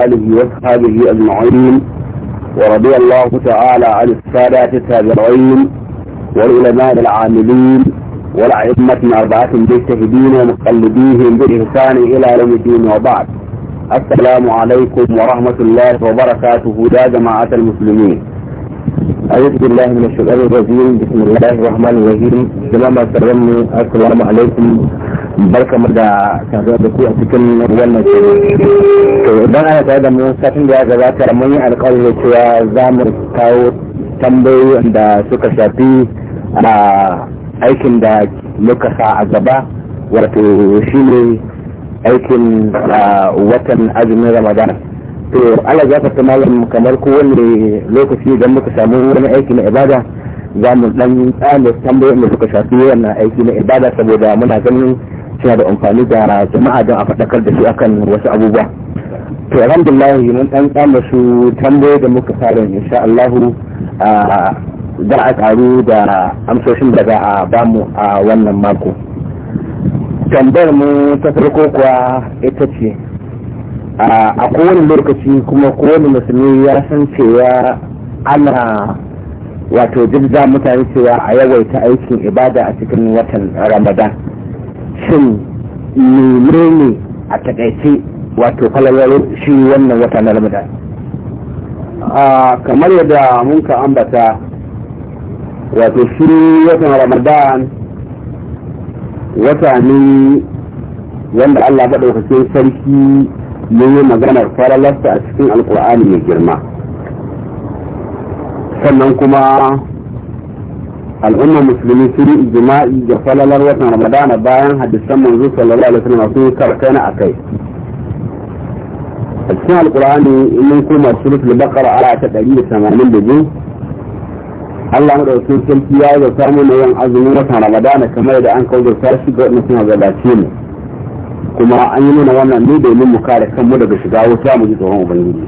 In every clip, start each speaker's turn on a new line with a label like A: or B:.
A: آله وصحبه أجمعين ورضي الله تعالى عن السادة التابعين والعلماء العاملين والأئمة الأربعة المجتهدين ومقلديهم بالإحسان إلى يوم الدين وبعد السلام عليكم ورحمة الله وبركاته يا جماعة المسلمين أعوذ بالله من الشيطان الرجيم بسم الله الرحمن الرحيم السلام عليكم barka kamar da saduwa da ku a cikin wannan shirin to idan ana tare da mu satin da ya gabata mun yi alƙawari da cewa za mu kawo tambayoyi da suka shafi a aikin da muka sa a gaba wato shi ne aikin watan azumin ramadan to ala za ta malam kamar kowane lokaci idan muka samu wani aiki na ibada za mu dan tsaya tambayoyin da suka shafi wannan aiki na ibada saboda muna ganin suna da amfani da jama'a don a faɗakar da su akan wasu abubuwa to alhamdulillah mun ɗan kama su tambayoyi da muka fara insha Allah za a karu da amsoshin da za a bamu a wannan mako tambayar mu ta farko kuwa ita ce a kowane lokaci kuma kowane musulmi ya san cewa ana wato jirza mutane cewa a yawaita aikin ibada a cikin watan ramadan shin ne a takaice wato falalwar shi wannan wata na ramadan kamar yadda mun ka ambata wato shi watan ramadan wata ne wanda allah maɗaukakin sarki ne yi maganar falalarsa a cikin alkur'ani mai girma sannan kuma al'ummar musulmi sun yi jima'i ga falalar watan ramadana bayan hadisan manzo sallallahu alaihi wasallam sun karkana akai a cikin alkur'ani mun koma suratul baqara aya ta 182 Allah mu dauke sarki ya ga samu na yin azumin watan ramadana kamar da an kawo sarki ga wannan ga dace ne kuma an yi mana wannan ne domin mu kare kanmu daga shiga wuta mu ji tsoron ubangiji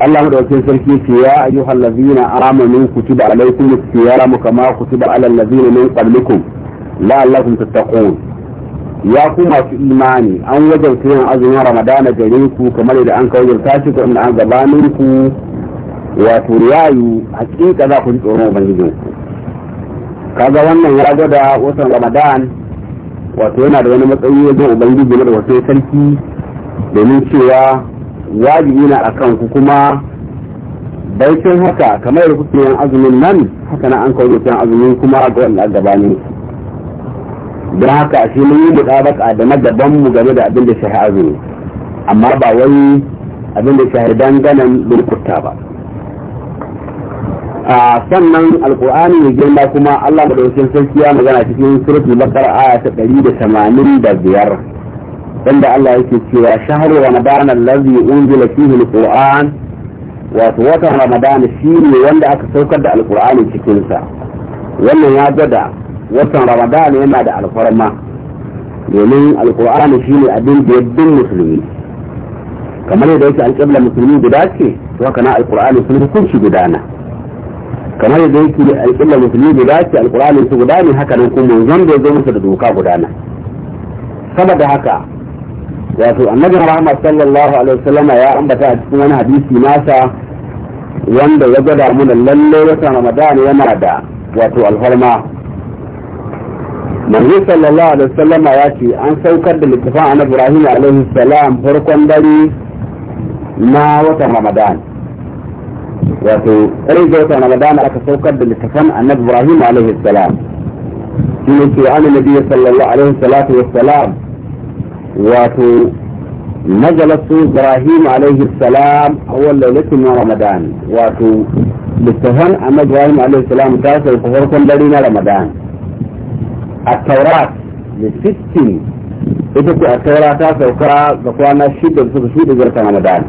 A: Allah madaukakin sarki ce ya ayyuhal ladzina amanu kutiba alaykum as-siyam kama kutiba alal ladzina min qablikum la'allakum tattaqun ya ku masu imani an wajabta yin azumin ramadana gare ku kamar da an kawajabta shi ko inda an gabanin ku wato riyayu hakika za ku ji tsoron ubangijin ku kaga wannan ya gwada watan ramadan wato yana da wani matsayi wajen ubangiji na da wasu sarki domin cewa wajibi na akan ku kuma baitin haka kamar da kuke azumin nan haka na an kawo yin azumin kuma ga wanda gabanin don haka shi mun yi mutabaka da na gaban mu game da abin da shahi azumi amma ba wani abin da shahi danganan burkuta ba a sannan alkur'ani mai girma kuma Allah madaukakin sarki ya magana cikin suratul baqara aya ta 185 wanda Allah yake cewa shahru ramadan allazi unzila fihi alquran wato watan ramadan shine wanda aka saukar da alqur'ani cikin sa wannan ya gwada watan ramadan yana da alfarma domin alqur'ani shine abin da yaddin musulmi kamar yadda yake alƙibla musulmi guda ce to haka na alqur'ani sun hukunci gudana kamar yadda yake alƙibla musulmi guda ce alqur'ani su guda ne haka nan kuma zan da zo musu da doka gudana saboda haka wato annabi Muhammad sallallahu alaihi wasallam ya ambata a cikin wani hadisi nasa wanda ya gwada mana lalle wata Ramadan yana da wato alfarma Manzo sallallahu alaihi wasallam ya ce an saukar da littafin Annabi Ibrahim alaihi salam farkon dare na watan Ramadan wato irin da watan Ramadan aka saukar da littafin Annabi Ibrahim alaihi salam shi ne ke annabi sallallahu alaihi salatu wassalam واتو نزل ابراهيم عليه السلام اول ليله من رمضان واتو لتهن اما ابراهيم عليه السلام تاسع الكفر كن دارينا رمضان التوراة لستين اذا التوراة تاسع الكرة بقوانا الشدة بسوط الشدة جرتا رمضان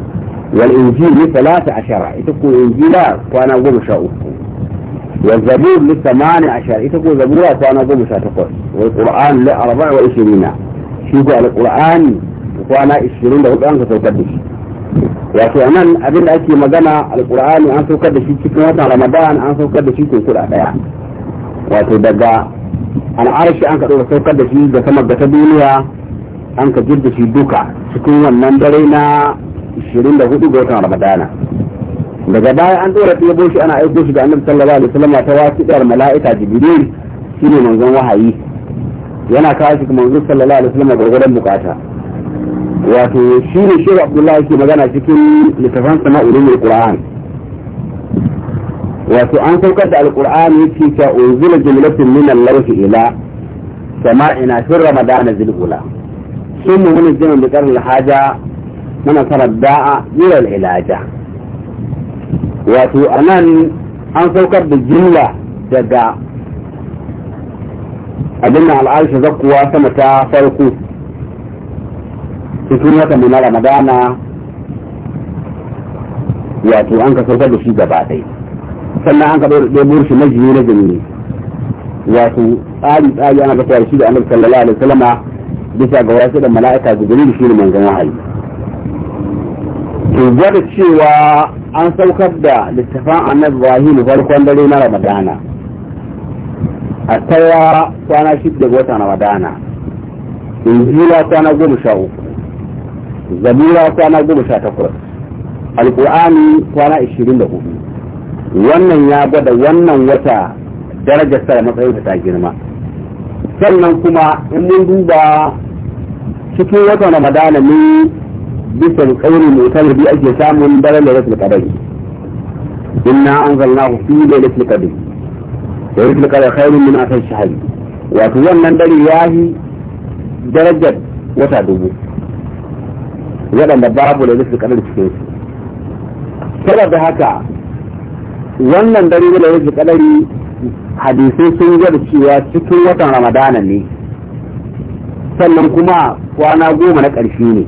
A: والانجيل لثلاث عشرة اتكو انجيلا كوانا غمشا اوكو والزبور لثمان عشر اتكو زبورا كوانا غمشا تقول والقرآن لأربع وعشرين shi ga alqur'ani kwana 24 an ka saukar da shi wato anan abin da ake magana alqur'ani an saukar da shi cikin watan ramadan an saukar da shi ko kuda daya wato daga al'arshi an ka dora saukar da shi da sama ga ta duniya an ka jirda shi duka cikin wannan dare na 24 ga watan ramadana daga baya an dora ɗebo shi ana aiko shi da annabi sallallahu alaihi wasallam ta wasiƙar mala'ika jibril shine manzon wahayi yana kawo shi wanzu sallallahu alaihi wasallam gurgurdan bukata wato shi ne shi abdullahi ke magana cikin littafan sama ulumul qur'an wato an saukar da alqur'an yake cewa unzila jumlatun min al-lawhi ila sama'ina fi ramadana zilula sun mu wani jimin da karin haja muna sarar da'a yiwal ilaja wato anan an saukar da jumla daga abin na zakuwa sama ta farko cikin watan na ramadana wato an ka saukar da shi gaba ɗai sannan an ka ɗaya shi na jini na jini wato tsari tsari ana gafiya shi da annabi sallallahu alaihi wasallam bisa ga wasu da mala'ika da shi ne manzon wahayi to gwada cewa an saukar da littafan annabi wahayi farkon dare na ramadana a tawa kwana shidda ga watan ramadana injila kwana goma sha uku zabura kwana goma sha takwas alkur'ani kwana ishirin da hudu wannan ya gwada wannan wata darajar sa matsayin ta girma sannan kuma in mun duba cikin watan ramadana ne bisa kauri mai tsari biyu ake samun dare da rasul kadari inna anzalnahu fi lailatul qadr wa yurfi kala khairun min asal Wa to wannan dare yahi darajar wata dubu da babu da zai kala cikin su saboda haka wannan dare da yurfi kadari hadisai sun gwada cewa cikin watan ramadana ne sannan kuma kwana goma na ƙarshe ne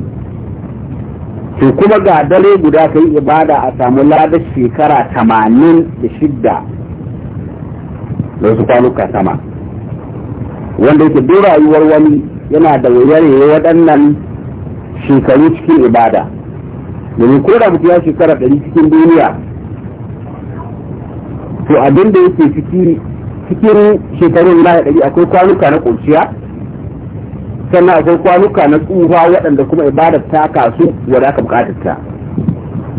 A: to kuma ga dare guda ka yi ibada a samu ladar shekara tamanin da da wasu kwanuka sama wanda yake duk rayuwar wani yana da wuyar waɗannan shekaru cikin ibada domin ko da mutum ya shekara ɗari cikin duniya to abin da yake cikin shekarun na ɗari akwai kwanuka na ƙunciya sannan akwai kwanuka na tsufa waɗanda kuma ibada ta kasu wadda aka buƙatar ta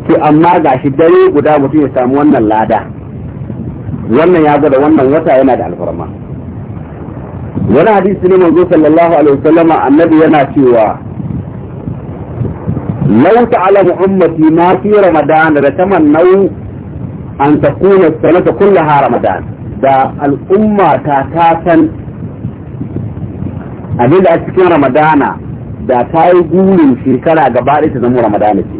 A: to amma ga shi dare guda mutum ya samu wannan lada wannan ya gwada wannan wata yana da alfarma wani hadisi ne manzo sallallahu alaihi wasallama annabi yana cewa law ta'lamu ummati ma fi ramadan da tamannau an takuna sanata kullaha ramadan da al'umma ta ta san abin da a cikin ramadana da ta yi gurin shekara gaba ɗaya ta zama ramadana ce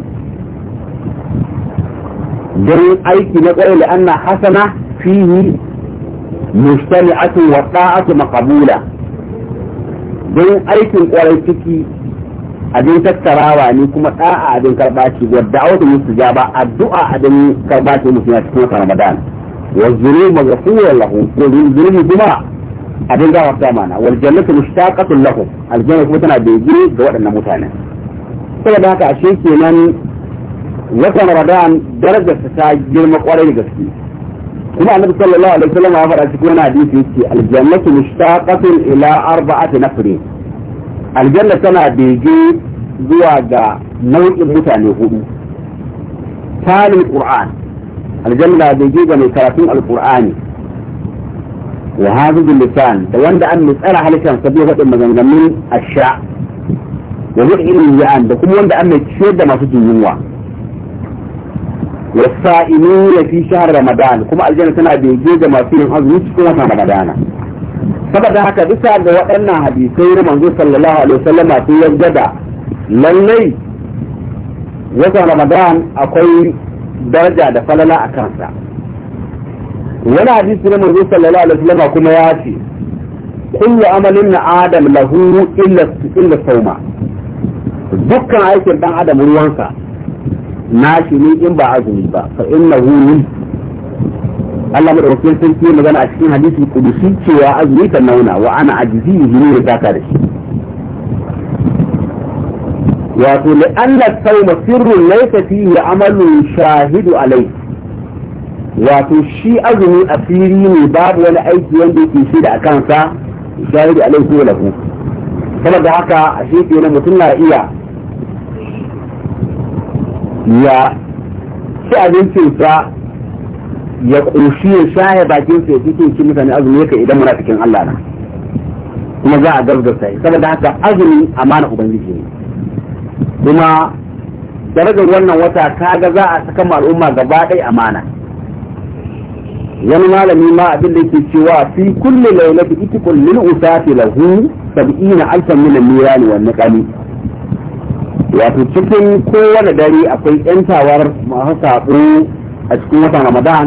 A: Don aiki na ƙwarai da ana hasana fihi mustami'atun wa ta'atu maqbula don aikin kwarai ciki abin tattarawa ne kuma da'a abin karba ce wa da'awatu mustijaba addu'a abin karba ce mutum ya Ramadan wa zunuba ghafurun lahu ko zunubi kuma abin gafarta mana wal jannatu mushtaqatun lahu aljanna kuma tana bege ga waɗannan mutanen saboda haka ashe kenan watan Ramadan darajar ta girma kwarai da gaske النبي صلى الله عليه وسلم عبر أسكونا حديث يتي الجنة مشتاقة إلى أربعة نفرين الجنة سنة بيجي دوا دا نوع المتان يقول القرآن الجنة بيجي دا من القرآن وهذا اللسان دوان دا أن نسأل حالك عن صبيه وقت المزنجمين الشعر ومحي الميزان دا كم وان دا أن نتشير دا ما سجن يوان والصائمين في شهر رمضان كما الجنة تنا بيجي ما فيهم أزمي كما رمضان saboda haka bisa ga waɗannan hadisai na manzo sallallahu alaihi wasallama sun yarda da lallai watan ramadan akwai daraja da falala a kansa wani hadisi na manzo sallallahu alaihi wasallama kuma ya ce kullu amalin na adam lahu illa illa sauma dukkan aikin dan adam ruwansa nashi ne in ba azumi ba fa innahu min Allah madaukakin sarki ya magana a cikin hadisi kudusi cewa azumi ta nauna wa ana ajizi ne da taka da shi wato li anna sawma sirrun laysa fihi amalun shahidu alai wato shi azumi asiri ne babu wani aiki wanda yake shi da kansa shahidu alai ko lahu saboda haka a shi kenan mutum na iya ya ci abincinsa ya ƙunshi ya shaye bakinsa ya fito shi mutane azumi yake idan muna cikin Allah na kuma za a gargasa sai saboda haka azumi amana ubangiji ne kuma darajar wannan wata ga za a saka al'umma gaba ɗaya amana wani malami ma abin da yake cewa fi kulli lailati itiqul lil usati lahu sab'ina alfan min al-nirani wan niqami wato cikin kowane dare akwai yantawar masu saɓo a cikin watan ramadan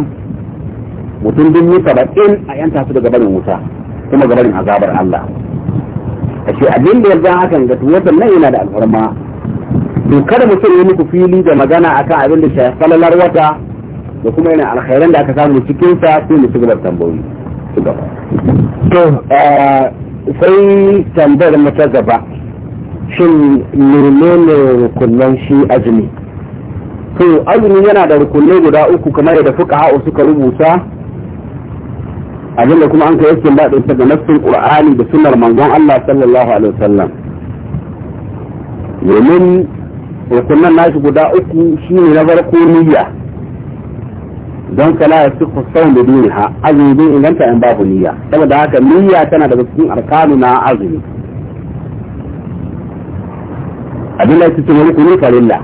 A: mutum dubu saba'in a yanta su daga barin wuta kuma ga barin azabar allah ashe abin da yarda hakan ga tuwatan nan yana da alfarma to kada mutum ya muku fili da magana akan abin da shafi falalar wata da kuma yana alkhairan da aka samu cikin sa sai mu shigar tambayoyi to eh, sai tambayar mu ta gaba shin menene rukunan shi azumi to azumi yana da rukunai guda uku kamar da fuka ha'u suka rubuta abinda kuma an kai yake ba ɗinsa ga nassin qur'ani da sunnar manzon Allah sallallahu alaihi wasallam domin rukunan nashi guda uku shine na farko niyya don kala ya fi kusan da duniya azumi zai inganta in babu niyya saboda haka niyya tana daga cikin arkanu na azumi abin da cikin wani kunin farilla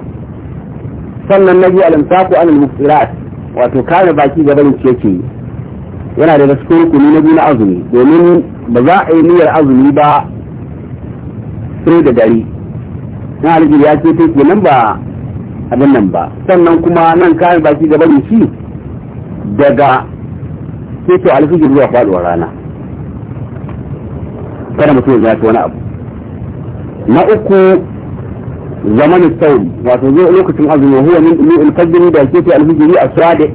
A: sannan na biyu alamsaku an al-mufsirat wato kare baki ga barin ciye yana da cikin rukuni na biyu na azumi domin ba za a yi niyyar azumi ba sai da dare na aljiri ya ce take nan ba abin nan ba sannan kuma nan kare baki ga barin shi daga ceto alfijir zuwa faduwar rana kada mutum ya ce wani abu na uku zaman saum wato zai lokacin azumi huwa min dulu al-fajr da ke fi al-hijri as-sadiq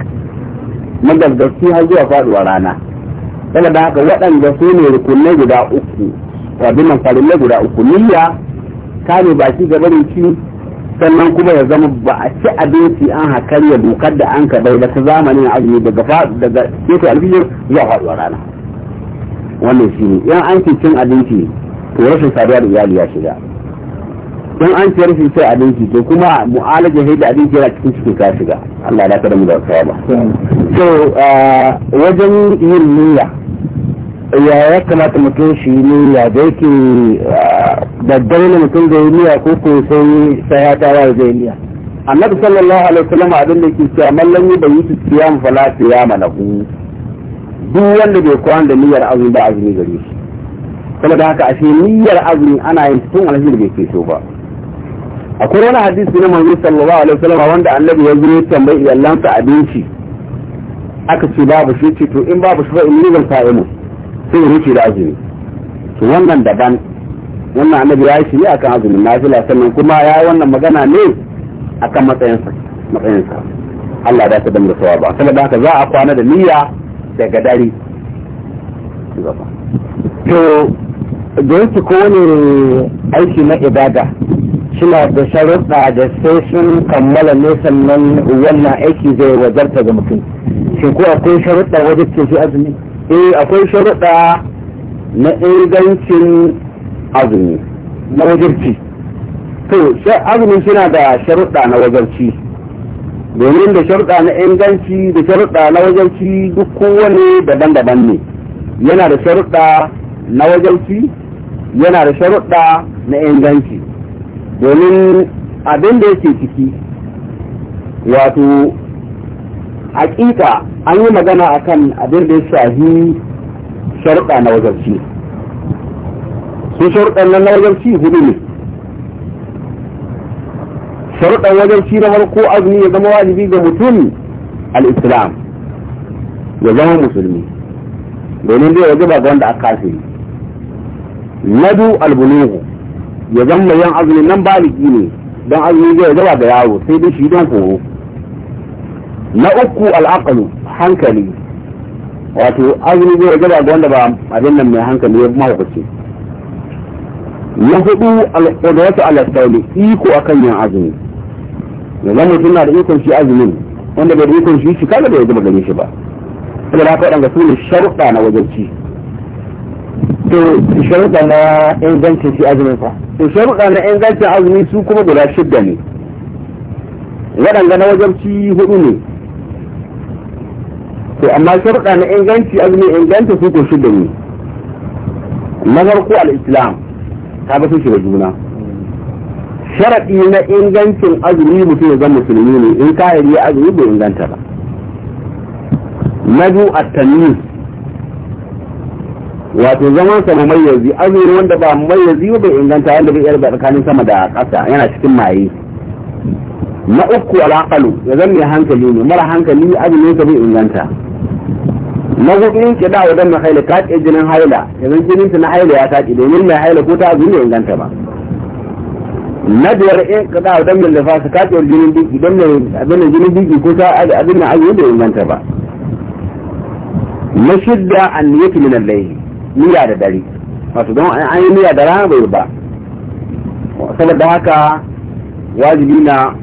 A: gaske har zuwa faduwa rana da haka waɗanda su ne rukunai guda uku wabin nan farillai guda uku niyya kame baki ga barin ci sannan kuma ya zama ba a ci abinci an hakar ya dokar da an kaɗai da ta zamanin azumi daga daga keto alfijir zuwa faɗuwa rana wannan shi ne yan an cin abinci to rashin saduwa da iyali ya shiga don an ce rashin sai abinci to kuma mu'alaja sai da abinci yana cikin cikin ka shiga Allah ya kada mu da kaya ba so uh, wajen yin niyya ya ya kamata mutum shi niyya da yake uh, daddare ne mutum da yi niyya ko ko sai sai ya tawa zai niyya annabi sallallahu alaihi wasallam abin da yake cewa mallan yi bai yi siyam fala na lahu duk wanda bai kwana da niyyar azumi ba azumi gare shi da haka ashe niyyar azumi ana yin tun alhaji bai ke so ba akwai wani hadisi na manzo sallallahu alaihi wasallam wanda annabi ya zo tambayi iyalansa abinci aka ce babu shi ce to in babu shi fa in zan sa mu sai ya rufe da azumi to wannan daban wannan annabi ya yi shi ne akan azumin nafila sannan kuma ya yi wannan magana ne akan matsayinsa matsayinsa Allah da ta da sawaba saboda haka za a kwana da niyya daga dare to da yake kowane aiki na ibada suna da sharuɗa da sai sun kammala ne sannan wannan aiki zai wajarta ga mutum shi ko akwai sharuɗa wajen ce shi azumi eh akwai sharuɗa na ingancin azumi na wajarci to azumin suna da sharuɗa na wajarci domin da sharuɗa na inganci da sharuɗa na wajarci duk kowane daban-daban ne yana da sharuɗa na wajarci yana da sharuɗa na inganci domin abin da yake ciki wato hakika an yi magana akan abin da ya shahi sharuɗa na wajarci su sharuɗan na wajarci hudu ne sharuɗan wajarci na farko azumi ya zama wajibi ga mutum al-islam ya zama musulmi domin zai wajiba ga wanda aka kafiri na biyu albuluhu ya zama yan azumin nan baligi ne don azumin zai zaba da yawo sai dai shi don koro na uku al'aqalu hankali wato azumin zai zaba da wanda ba abin nan mai hankali ya mahaukaci na hudu al'adawatu al'asauli iko akan yan azumi ya zama mutum na da ikon shi azumin wanda bai da ikon shi shi kaga bai zama gare shi ba saboda haka waɗanda su ne sharuɗa na wajen ci to sharuɗa na ingancin shi azumin fa to sharuɗa na ingancin azumi su kuma guda shidda ne waɗanda na wajabci hudu ne to amma sharuɗa na inganci azumi inganta su ko shidda ne na farko al-islam ta ba su shiga juna sharaɗi na ingancin azumi mutum ya zama musulmi ne in ka yi azumi bai inganta ba na biyu at-tamyiz wato zaman sa yanzu azuri wanda ba mumayyazi ba bai inganta wanda bai yarda tsakanin sama da ƙasa yana cikin maye na uku alaqalu ya zan mai hankali ne mara hankali ne ka bai inganta na hudu in kida wa dan haila ka ce jinin haila yanzu jinin ta na haila ya taƙi domin mai haila ko ta azumi inganta ba na biyar in kida wa dan lafasa ka ce jinin biki dan mai abin jinin biki ko ta azumi azumi bai inganta ba na shidda an yake min al miya da dare wato don an yi miya da rana bai ba saboda haka wajibi na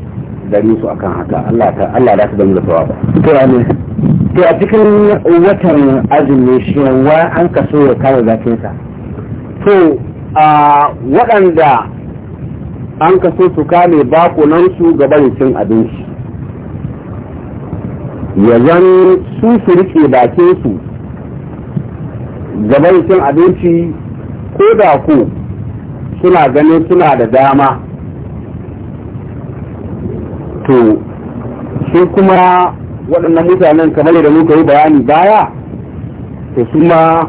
A: dare su akan haka Allah ta Allah da su da mu tawaba to ne to a cikin watan azumi shi wa an kaso ya kare zakin sa to a waɗanda an kaso su kame bakunan su gaban cin abinci ya zan su su rike bakin su gaban cin abinci ko da ku suna ganin suna da dama to shi kuma waɗannan mutanen kamar da muka yi bayani baya to su ma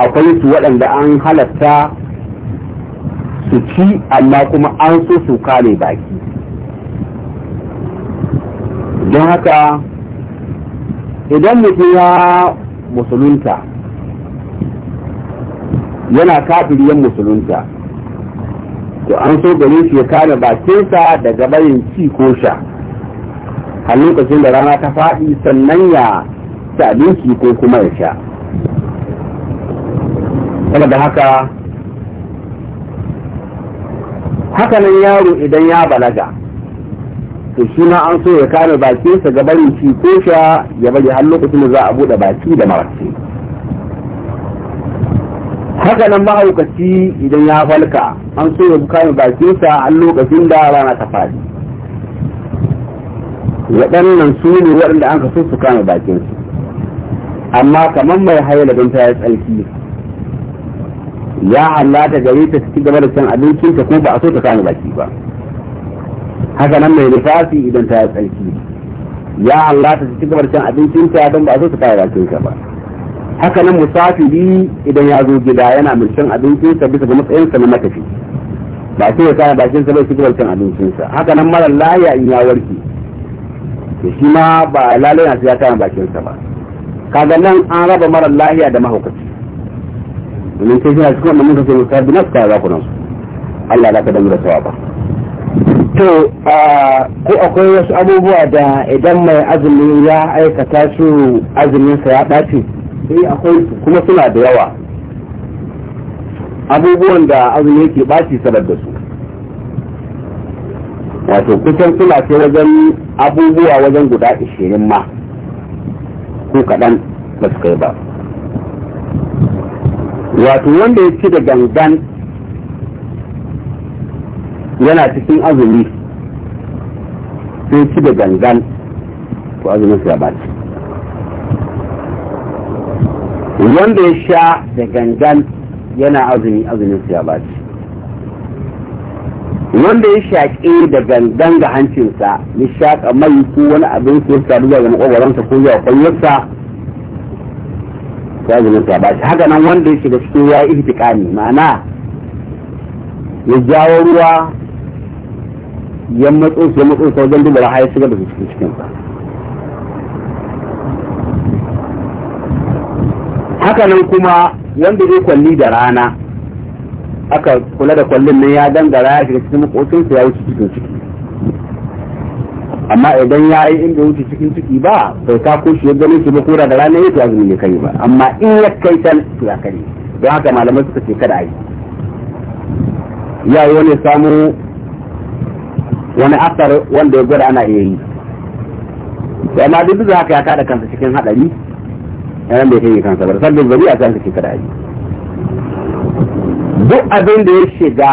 A: akwai su waɗanda an halatta su ci amma kuma an so su kare baki don haka idan mutum ya musulunta yana yan musulunta to an so gare shi ya kare bakinsa daga bayin ci ko sha a lokacin da rana ta faɗi sannan ya ci abinci ko kuma ya sha da haka hakanan yaro idan ya balaga to shi ma an so ya kame bakinsa ga barin shi ko sha ya bari har lokacin da za a bude baki da marasi haka nan mahaukaci idan ya falka an so ya kame bakinsa a lokacin da rana ta faɗi waɗannan su ne waɗanda an so su kame bakinsu amma kamar mai haila don ta yi tsarki ya hallata gare ta cikin gaba da cin abincinta ko ba a so ta kame baki ba haka nan mai lissafi idan ta tsarki ya Allah ta ci gabar cin ta don ba a zo ta fara ka ba haka nan musafiri idan ya zo gida yana mai cin ka bisa ga matsayinsa na matafi ba ce ya kaya bakinsa bai ci gabar cin sa haka nan mara laya in ya warke to shi ma ba lalai na ya bakin bakinsa ba kaga nan an raba mara lahiya da mahaukaci domin sai shi na cikin wannan mutum sai musafiri na su kaya za ku nan Allah la ka damu da tsawa ba. to ko akwai wasu abubuwa da idan mai azumi ya aikata su azuminsa ya ɓace sai eh, akwai kuma suna da yawa abubuwan da azumi yake ɓaci sanar da su wato kusan suna ce wajen abubuwa wajen guda ishirin ma ko kaɗan ba su kai ba wato wanda ya ci da gangan yana cikin azumi sai ci da gangan ko azumin ya baci wanda ya sha da gangan yana azumi azumin ya baci wanda ya shaƙe da gangan ga hancinsa ya shaƙa mai ko wani abin ko ya sadu ga makogwaransa ko ya kwayarsa ya zumin ya baci haka nan wanda ya shiga cikin ya yi ma'ana ya jawo ruwa ya matso su ya matso su wajen dubara har ya shiga da su cikin cikin sa haka nan kuma wanda zai kwalli da rana aka kula da kwallin nan ya dangara ya shiga cikin makocin ya wuce cikin ciki amma idan ya yi inda wuce cikin ciki ba bai ka ko shi ya ganin shi ba ko da rana ya to azumi ya kai ba amma in ya kai can to ya kare don haka malamai suka ce kada a yi ya yi wani samu wani asar wanda ya gwada ana iya yi amma duk da haka ya kada kansa cikin hadari yaran ya kai kansa ba sabbin bari a kansa cikin hadari duk abin da ya shiga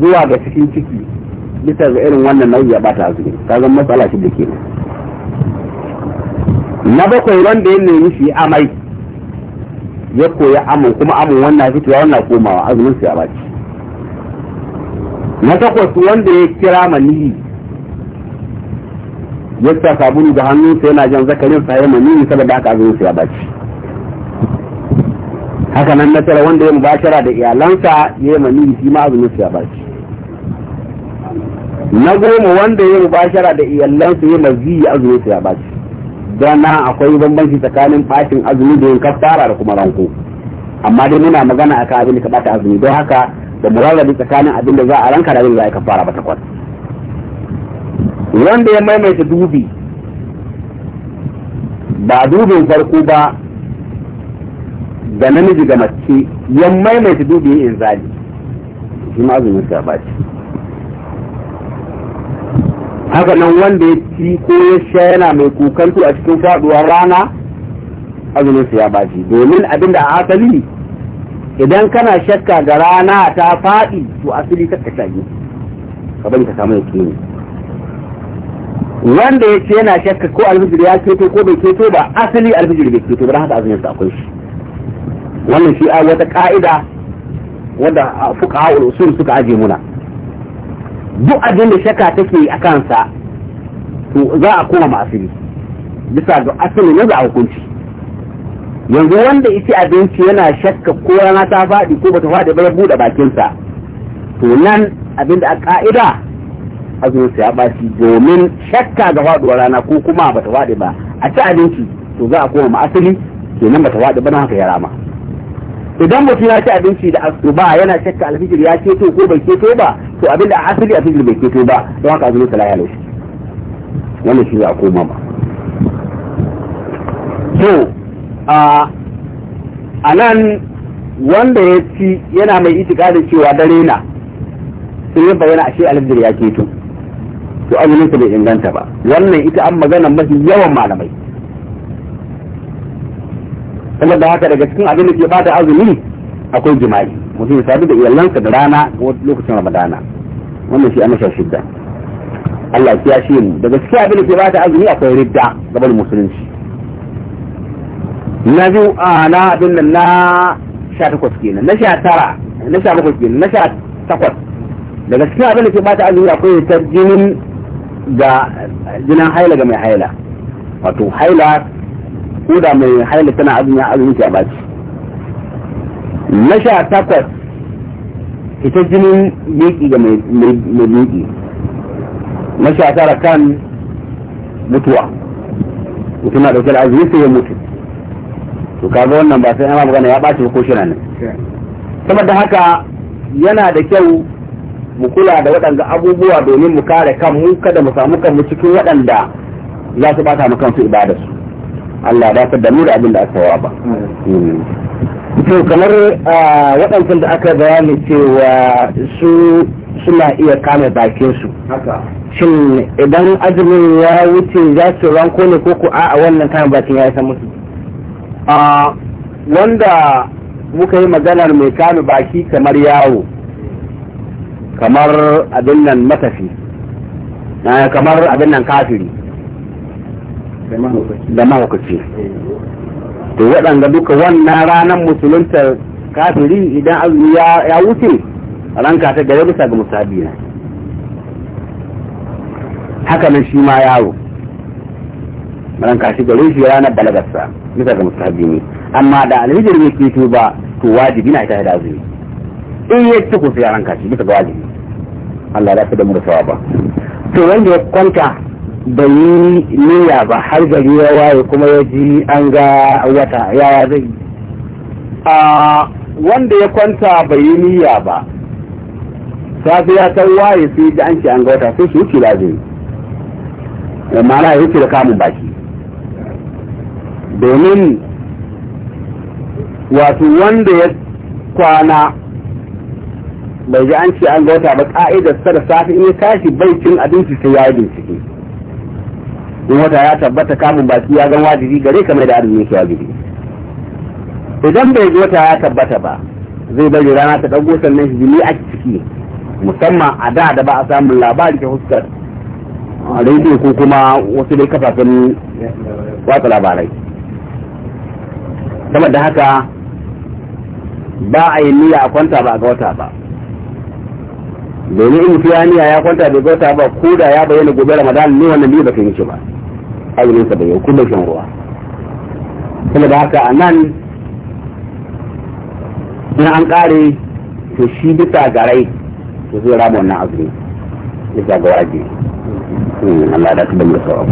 A: zuwa ga cikin ciki bisa ga irin wannan nau'i ya bata azumi kaga matsala shi da ke na bakwai wanda ya nemi shi amai ya koya amin kuma amin wannan fitowa wannan komawa azumin su ya bace na takwas wanda ya kira maniyi ya sa sabulu da hannunsa yana jan zakarin sa ya maniyi saboda haka azumin su ya baci haka nan na tara wanda ya mubashara da iyalansa ya maniyi shi ma azumin sa ya baci na goma wanda ya mubashara da iyalansa ya maziyi azumin sa ya baci don akwai bambanci tsakanin bacin azumi da yin kafara da kuma ranko amma dai muna magana akan abin da ka bata azumi don haka da murarrabi tsakanin abin da za a ranka da abin da za a kafara ba takwas wanda ya maimaita dubi ba dubin farko ba da namiji ga mace ya maimaita dubi ya in zali shi ma azumin sa ba ce haka nan wanda ya ci ko ya sha yana mai kukantu a cikin faduwar rana azumin sa ya ba domin abin da a asali idan kana shakka ga rana ta faɗi to asali ka shage ka bari ka samu yakini wanda ya ce yana shakka ko alfijir ya keto ko bai keto ba asali alfijir bai keto ba haka azumin sa akwai shi wannan shi a wata ka'ida wadda fuka usul suka aje muna duk abin da shakka take a kansa to za a koma ma asali bisa ga asali ne za a hukunci yanzu wanda ya abinci yana shakka ko rana ta faɗi ko bata faɗi ba ya buɗe bakinsa to nan abinda a ƙa'ida a zuciya ba shi domin shakka ga faɗuwar rana ko kuma bata faɗi ba a ci abinci to za a koma ma asali kenan bata faɗi ba na haka ya rama idan mutum ya ci abinci da asuba yana shakka alfijir ya keto ko bai keto ba to abinda a asali alfijir bai keto ba don haka azumin ta ya laushi wannan shi za a koma ba to a nan wanda ya ci yana mai da cewa dare na sai ya bayyana ashe alfijir ya keto to azuminsa bai inganta ba wannan ita an magana mafi yawan malamai saboda haka daga cikin abin da ke bata azumi akwai jima'i mutum ya sadu da iyalansa da rana lokacin ramadana wannan shi an sha shidda Allah ya shi mu daga cikin abin da ke bata azumi akwai ridda gaban musulunci na biyu a na abin nan na sha takwas kenan na sha tara na sha bakwai kenan na sha takwas daga cikin abin da ke bata azumi akwai ta jinin ga jinin haila ga mai haila wato haila ko da mai haila tana azumi a azumi ta baci na sha takwas ita jinin miki ga mai miki na sha tara kan mutuwa mutum na ɗauke da azumi sai ya mutu to kaga wannan ba sai ana magana ya ɓaci ko shi ne saboda haka yana da kyau mu kula da waɗanda abubuwa domin mu kare kanmu kada mu samu kanmu cikin waɗanda za su bata mu kansu ibada su Allah da ta damu da abin da aka wa ba to kamar waɗancan da aka bayani cewa su suna iya kame bakin su shin idan azumin ya wuce za su ranko ne ko ku a wannan kan bakin ya isa musu a wanda muka yi maganar mai kanu baki kamar yawo kamar abin nan matafi kamar abin nan kafiri da mahaukaci to waɗanda duka wannan ranar musuluntar kafiri idan azumi ya wuce ranka ta gare bisa ga musabi na haka nan shi ma yawo ranka shi gare shi ranar balagarsa bisa ga mustahabi ne amma da alhijir ne ke tuba to wajibi na ita da azumi in ya ci ku sai ranka shi bisa ga wajibi Allah ya da mu da sawaba to wanda ya kwanta bai yi niyya ba har gari ya waye kuma ya ji an ga wata yaya zai a wanda ya kwanta bai yi niyya ba ya san waye sai ji an ci an ga wata sai shi wuce lazimi eh, ma'ana ya wuce da kamun baki domin wato wanda ya kwana bai ji an ce an ga wata ba ka'idar sa da safe in ya tashi bai cin abinci sai ya yi bincike in wata ya tabbata kamun baki ya gan wajibi gare kamar da arziki yake wajibi idan bai ji wata ya tabbata ba zai bari rana ta ɗauko sannan shi jini a ciki musamman a da da ba a samun labari ta fuskar rediyo ko kuma wasu dai kafafen watsa labarai da haka ba a yi niyya a kwanta ba a ga wata ba domin in fiya niyya ya kwanta bai ga wata ba ko da ya bayyana gobe ramadan ne wannan niyya ba ta yi ba azumin sa bai yau kullum shan ruwa da haka a nan in an kare to shi bisa garai to zai rama wannan azumi bisa ga wajibi hmm, Allah da ta da mu sauwa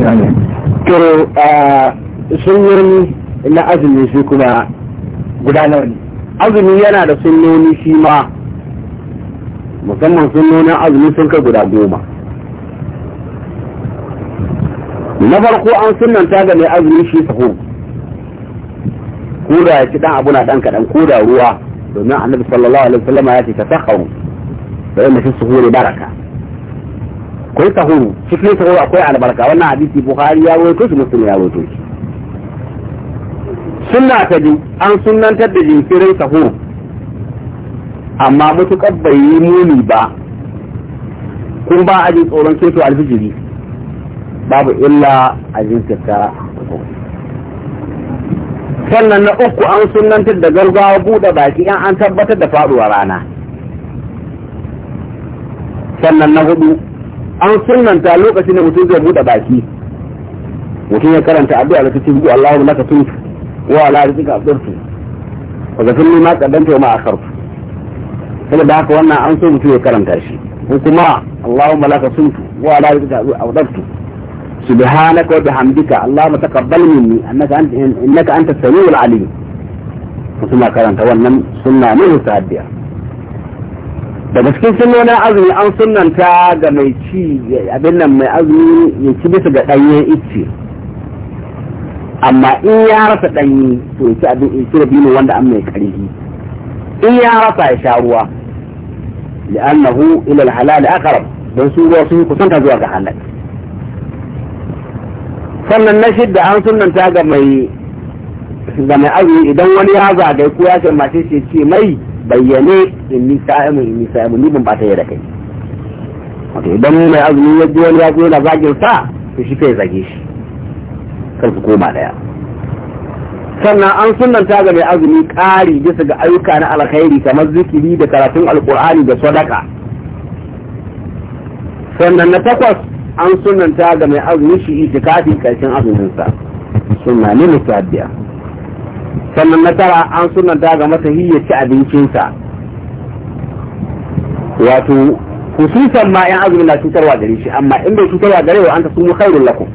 A: kiro ah, sun yi illa azumi shi kuma gudanar ne azumi yana da sunnoni shi ma musamman sunnonin azumi sun kai guda goma na farko an sunanta ga mai azumi shi saho koda ya ci dan abu na dan kadan da ruwa domin annabi sallallahu alaihi wasallam ya ce ka tasahharu da yana shi suhuri baraka kai sahuru cikin sahuru akwai albarka wannan hadisi bukhari ya rawaito shi muslim ya rawaito shi suna ta ji an sunantar da jinkirin saho amma mutuƙar bai yi muni ba kun ba ajin tsoron keto alfijiri babu illa a jinkirta sannan na uku an sunantar da gargawa buɗe baki yan an tabbatar da faɗuwa rana sannan na hudu an sunanta lokacin da mutum zai buɗe baki mutum ya karanta addu'a da cikin Allahu laka tunfi وعلى رزق أبدرته وذكر لي ما قدمت وما أخرت فلا باك وانا أنسو بتوي كلام تاشي وكما اللهم لك صمت وعلى رزق أبدرته سبحانك وبحمدك اللهم تقبل مني أنك أنت, إنك أنت السميع العليم ثم كلام تاوانا سنة منه تهديا da gaskin sun nuna azumi an sunanta ga mai ci abin nan mai azumi ya ci bisa ga ɗanyen ice amma in ya rasa ɗanyi to ya ci abin da bino wanda an mai ƙarfi in ya rasa ya sha ruwa li'annahu ila al-halal aqrab don su ruwa sun kusanta zuwa ga halal sannan na shidda an sunanta ga mai ga mai azumi idan wani ya zagaye ko ya ce mace ce ce mai bayyane in ni sa'imu in ni sa'imu ni ban bata da kai wato idan mai azumi ya ji wani ya zo yana zagin sa to shi kai zage shi kar su koma daya sannan an sunanta ga mai azumi ƙari bisa ga ayyuka na alkhairi kamar zikiri da karatun alkur'ani da sadaka sannan na takwas an sunanta ga mai azumi shi itikafi karshen azuminsa sunna ne biya sannan na tara an sunanta ga masa ci abincinsa wato san ma yan azumin na cutarwa gare shi amma in bai cutarwa gare wa an ta sumu khairul lakum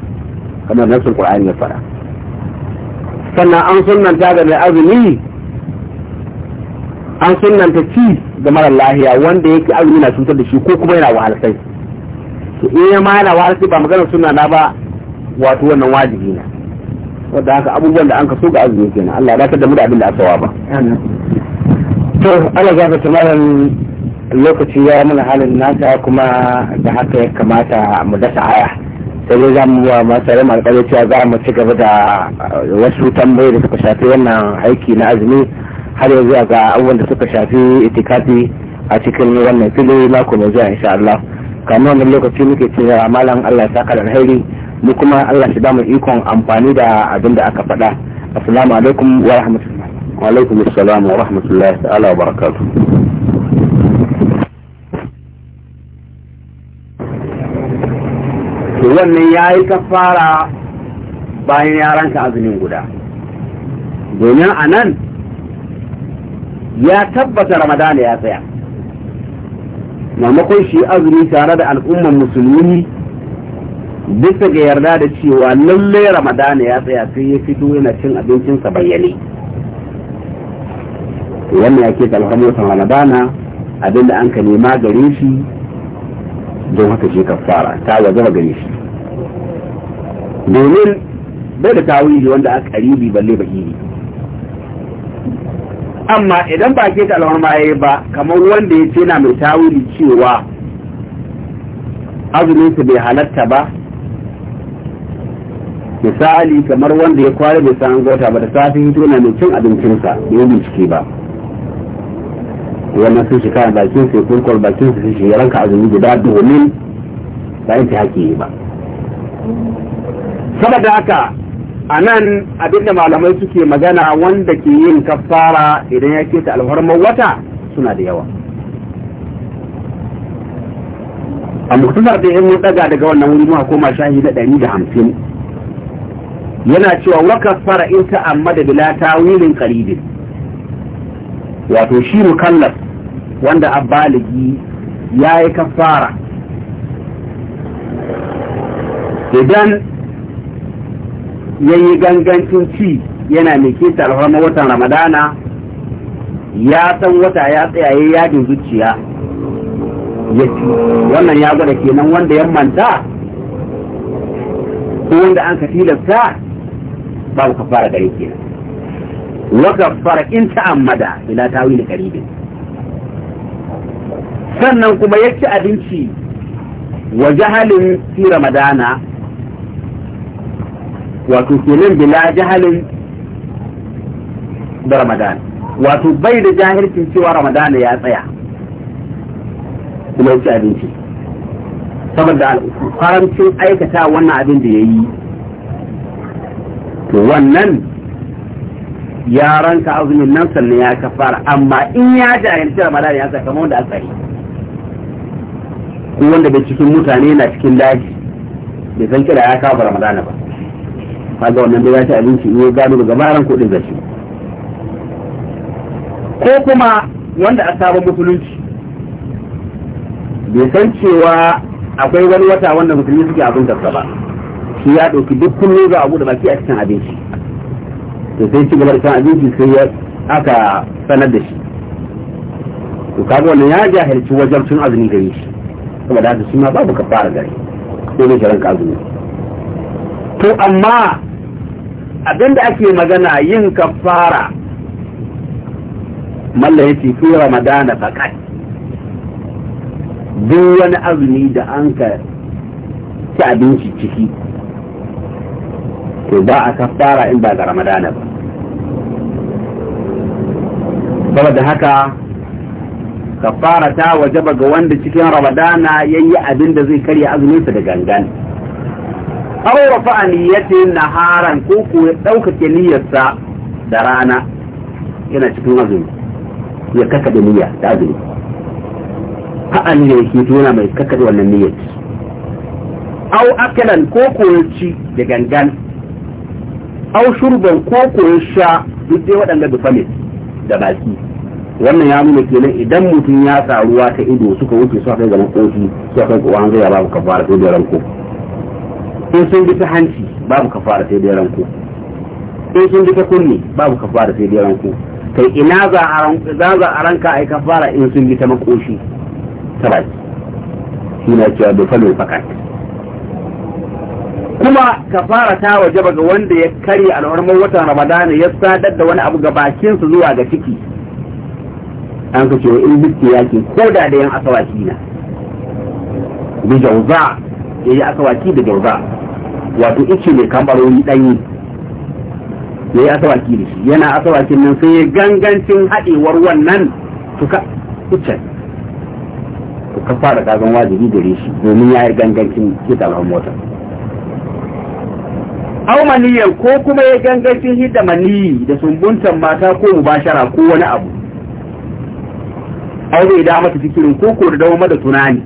A: kamar nasu qur'ani ya fara sannan an sunanta ga mai azumi an sunanta ci ga mara lahiya wanda yake azumi na cutar da shi ko kuma yana sai to in ya ma yana sai ba magana suna na ba wato wannan wajibi na wadda haka abubuwan da an kaso ga azumi kenan Allah ya dakatar da mu da abin da aka ba to Allah ya ga tamaran lokaci ya mana halin nata kuma da haka ya kamata mu dasa aya sai dai za mu wa masu rama alƙalai cewa za mu ci gaba da uh, wasu tambayi da suka shafi wannan aiki na azumi har yanzu ga abubuwan da suka shafi itikafi a cikin wannan fili mako mai zuwa insha Allah kamar wannan lokaci muke cewa malam Allah ya kada alheri mu kuma Allah shi ba mu ikon amfani da abin da aka faɗa assalamu alaikum wa rahmatullahi wa alaikum assalam wa rahmatullahi ta'ala wa barakatuh to wannan ya yi kafara bayan yaranka azumin guda domin a nan ya tabbata ramadana ya tsaya maimakon shi azumi tare da al'ummar musulmi bisa ga yarda da cewa lallai ramadana ya tsaya sai ya fito yana cin abincinsa bayyane wannan ya ke kalhamar ramadana abinda an ka nema gare shi don haka shi kafara ta wajaba gare shi domin bai da tawili wanda a karibi balle yi. amma idan ba ke ta alwar ya ba kamar wanda ya ce na mai tawili cewa azumin azuminsa bai halatta ba misali kamar wanda ya kwari bai san gota ba da safe hito na mai cin abincinsa bai bincike ba wannan sun shi kayan bakin su kurkur bakin su sun shi ranka azumi guda domin ba in ta yi ba saboda haka a nan abinda malamai suke magana wanda ke yin kafara idan ya keta alfarmar wata suna da yawa a muktasar da yan daga daga wannan wuri muka koma shahi da ɗari da hamsin yana cewa wa fara in ta amma da bila tawilin karibin. wato shi mukallaf wanda baligi ya yi kafara idan yayi yi gangancin ci yana mai keta alhama watan ramadana ya san wata ya tsayaye yadin zuciya ya ci wannan ya gwada kenan wanda ya manta ko wanda an ka tilasta babu kafara gare kenan wa kafara in ta'ammada ila tawili karibin sannan kuma ya ci abinci wa jahalin fi ramadana wato kenan bila jahalin da ramadana wato bai da jahilcin cewa ramadana ya tsaya kuma ya ci abinci saboda haramcin aikata wannan abin da ya yi to wannan ya ranka azumin nan sannan ya kafara amma in ya jahilci ramadana ya tsaya kamar wanda aka yi ko wanda bai cikin mutane na cikin daji bai san kira ya kafa ramadana ba kaga wannan bai ya ci abinci ne gano daga maran kuɗin gashi ko kuma wanda a sabon musulunci bai san cewa akwai wani wata wanda musulmi suke abin da ba shi ya ɗauki duk kullum za a da baki a cikin abinci to sai shi gaba da abinci sai ya aka sanar da shi to kaga wannan ya jahilci wajen cin azumi gare shi saboda haka shi ma babu kafara gare sai dai sharan kazumi to amma abinda ake magana yin kafara malla yace fi ramadana faqat duk wani azumi da an ka ci abinci ciki to ba a kafara in ba ga ramadana ba saboda haka kafara ta wajaba ga wanda cikin ramadana yayi abin da zai karya azumin sa da gangan aw rafa'a niyyatin naharan ko ko ya daukake niyyarsa da rana yana cikin azumi ya da niyya da azumi fa'an ne yake yana mai da wannan niyyar au akalan ko ci da gangan au shurban ko koyar sha duk dai waɗanda bifamit da baki wannan ya nuna kenan idan mutum ya sa ruwa ta ido suka wuce suka kai ga makoshi suka kai ga an zai babu kafara sai da ranko in sun bi ta hanci babu kafara sai da ranko in sun bi ta kunne babu kafara sai da ranko kai ina za a ranka ai kafara in sun bi ta makoshi ta baki shi na cewa da falo fakat kuma kafara ta wajaba ga wanda ya karya alwarmar watan ramadana ya sadar da wani abu ga bakinsa zuwa ga ciki an ka ce in bitti ke ko da da yan asawaki na bi jauza ya yi asawaki da jauza wato ice mai kambaroni ɗanyi ya yi asawaki da shi yana asawakin nan sai ya gangancin haɗewar wannan tuka ice ka fara kazan wajibi gare shi domin ya yi gangancin kitan mota au maniyan ko kuma ya gangancin hidda maniyi da sumbuntan mata ko mubashara ko wani abu aw zai da mata fikirin ko ko da dawo da tunani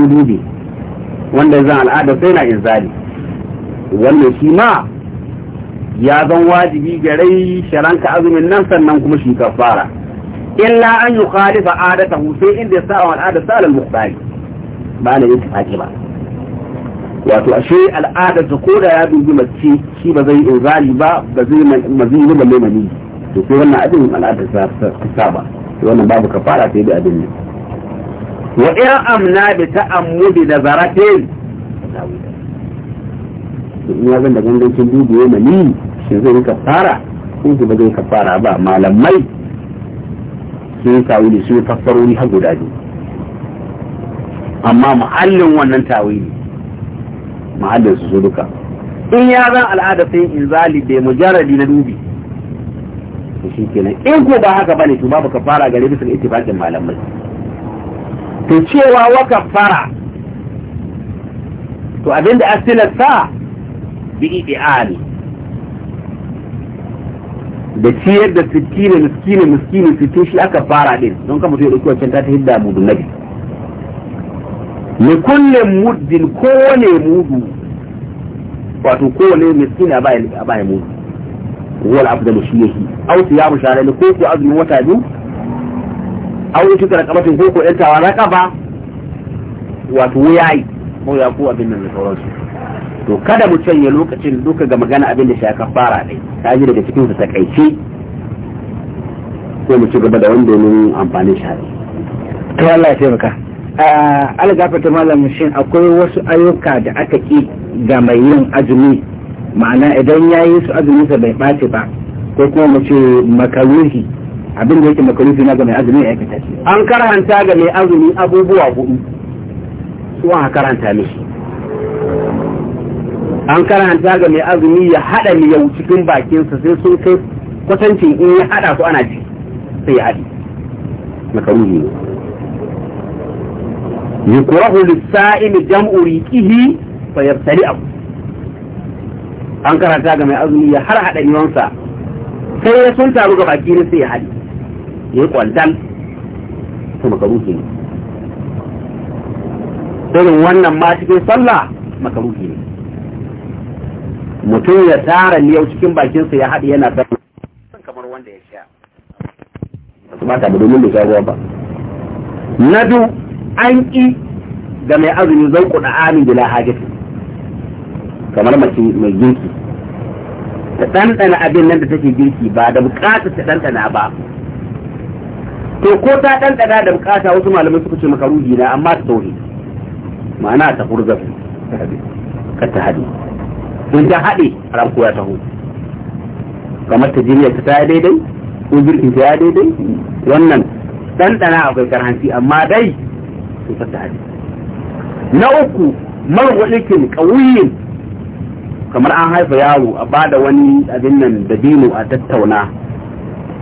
A: ududi wanda zan al'ada sai na inzali wannan shi ma ya zan wajibi garai sharanka azumin nan sannan kuma shi ka fara. illa an yi khalifa Adata sai inda ya sa al'ada sa al-muqtari ba na ta tafaki ba wato ashe al'adar ta koda ya dubi mace shi ba zai inzali ba ba zai yi ba mai mani to sai wannan abin al'adar ta saba wannan babu kafara sai da abin ne wa in amna bi ta'ammudi nazaratin in ya zan da gangancin dubiye mani shi zai kafara ko shi ba zai kafara ba malamai sun tawili sun fassarori har guda biyu amma muhallin wannan tawili muhallin su duka in ya zan al'ada sai in zali bai mujarrabi na dubi to shi nan in ko ba haka bane to babu kafara gare bisa ga ittifaqin malamai to cewa wa kafara to abinda asilar sa bi ideali da ciyar da sikini miskini miskini ce shi aka fara din don kama to ya dauki wancan ta ta hidda mudu nabi ne kullum muddin kowane mudu wato kowane miskini a bayan mudu wal afdalu shi yake aw siyamu sharal ko ko azumin wata biyu aw yi tukar kamatin ko ko yantawa na kafa wato wuyayi ko ya ko abin nan da sauransu to kada mu canye lokacin duka ga magana abin da shaka fara dai ta ji daga cikin sa takaice ko mu ci gaba da wanda ne amfanin shari to Allah ya taimaka algafata malam shin akwai wasu ayyuka da aka ki ga mai yin azumi ma'ana idan ya yi su azuminsa bai ɓace ba ko kuma mu ce makaruhi abin da yake makaruhi na ga mai azumi ya aikata shi an karanta ga mai azumi abubuwa hudu su an karanta mishi an karanta ga mai azumi ya haɗa yau cikin bakinsa sai sun kai kwatancin in ya haɗa su ana ci sai ya haɗi makaruhi ne yukurahu lissa'imi jam'u riqihi fa yartali'u abu an karanta ga mai azumi ya har haɗa imansa sai ya sun taru ga baki ne sai ya haɗi ya yi kwaltal makaruki ne irin wannan ma cikin sallah makaruki ne mutum ya tara yau cikin bakinsa ya haɗi yana sallah
B: kamar wanda ya sha
A: su ba ta da domin da ba na du an ƙi ga mai azumi zan kuɗa amin bila hajjata kamar mace mai girki ta ɗanɗana abin nan da take girki ba da bukata ta ɗanɗana ba to ko ta ɗanɗana da bukata wasu malamai suka ce maka ruhi na amma ta tauri ma'ana ta furza ka ta haɗe in ta haɗe haram ko ya taho kamar ta jiriya ta ta daidai ko girkin ta ya daidai wannan ɗanɗana akwai karhanci amma dai to ta haɗe na uku marwaɗikin ƙauyin kamar an haifa yaro a bada wani abin nan da dino a tattauna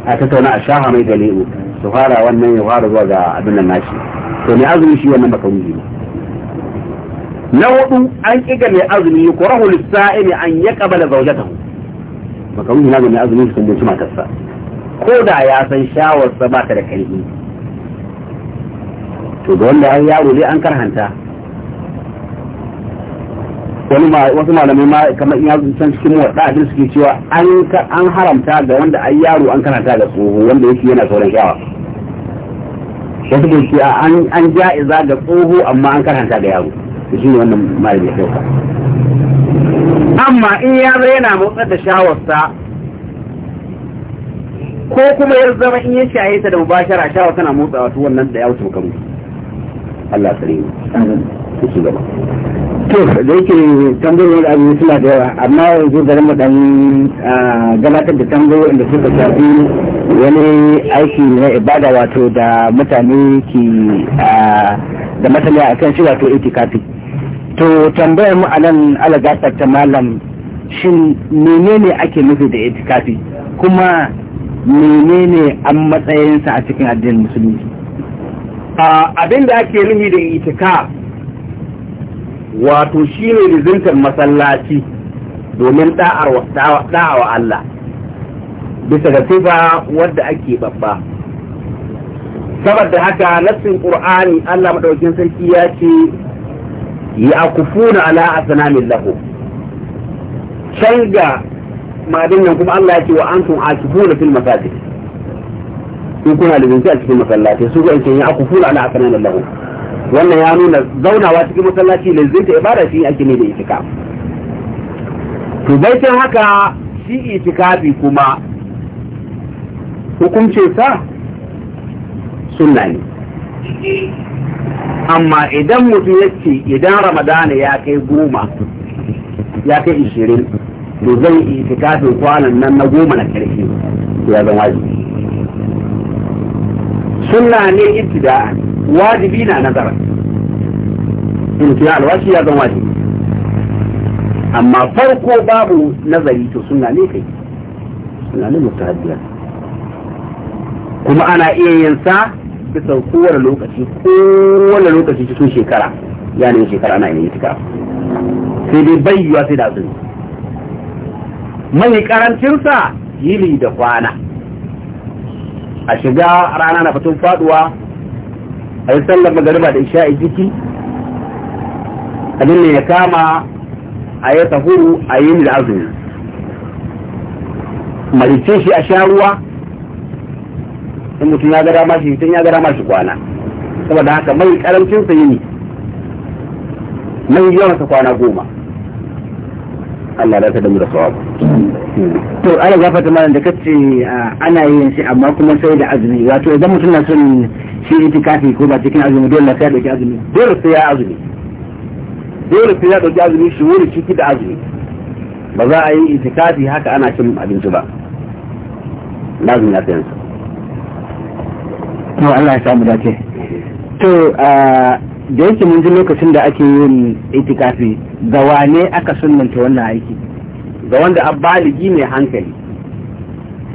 A: a tattauna a shaha mai gale'u su fara wannan ya fara zuwa ga abin nan nashi to mai azumi shi wannan baka wuce ne na hudu an kiga mai azumi ya kurahu ne an ya kabala zaujatahu baka wuce na ga mai azumi sun bunci matarsa ko da ya san shawarsa ba ta da karfi to da wanda an yaro dai an karhanta wani wasu malamai ma kamar in yazo san cikin da abin suke cewa an an haramta ga wanda ai yaro an karanta ga tsoho wanda yake yana sauran shawa wasu da shi an an ja'iza ga tsoho amma an karanta ga yaro shi ne wannan malami ya dauka amma in ya zai yana motsa da shawarsa ko kuma ya zama in ya shaye ta da mubashara shawa tana motsawa to wannan da ya wuce makamu Allah sarewa. gaba. to da yake tambayoyin da suna da yawa amma yanzu bari mu dan ah, gabatar da tambayoyin da suka shafi wani aiki na ibada wato da mutane ke ah, da masana a kan shi wato itikafi to tambayar mu anan alagasar ta malam shin menene ake nufi da itikafi kuma menene an matsayinsa a cikin addinin musulunci ah, abin da ake nufi da itikaf wato shi ne lizintar masallaci domin da'awa Allah bisa ga sifa wadda ake babba saboda haka nassin qur'ani Allah madaukakin sarki ya ce ya kufuna ala asnamin lahu canza madin nan kuma Allah ya ce wa antum akifuna fil masajid in kuna da a cikin masallaci su ga in ya kufuna ala asnamin lahu wannan ya nuna zaunawa cikin masallaci ne lazzinta ibada shi ake ne da itika to can haka shi itikafi kuma hukuncin sa sunna ne amma idan mutum ya ce idan ramadana ya kai goma ya kai ishirin to zai itikafin kwanan nan na goma na karfi ya zama wajibi sunna ne ibtida wajibi na nazara imtina alwashi ya zama wajibi amma farko babu nazari to sunna ne kai sunna ne mustahabbiya kuma ana iya yin sa bisa kowane lokaci kowane lokaci cikin shekara ya ne shekara ana yin itika sai dai bayyuwa sai da azumi mai karancinsa yili da kwana a shiga rana na fatan faduwa a yi sallar magariba da a jiki abin ne ya kama a yi sahuru a yi da azumi malice shi a sha ruwa in mutum ya gara mashi tun ya gara mashi kwana saboda haka mai karancin sa ne mai yawan sa kwana goma Allah ya ta damu da sawabu. to ana gafata malam da kace ana yin shi amma kuma sai da azumi wato idan mutum na son shi itikafi ko ba cikin azumi dole sai ya dauki azumi dole sai ya azumi dole sai ya dauki azumi shi wuri ciki da azumi ba za a yi itikafi haka ana cin abinci ba lazumi ya sayansa to Allah ya samu dace to da yake mun ji lokacin da ake yin itikafi ga wane aka sunanta wannan aiki ga wanda baligi mai hankali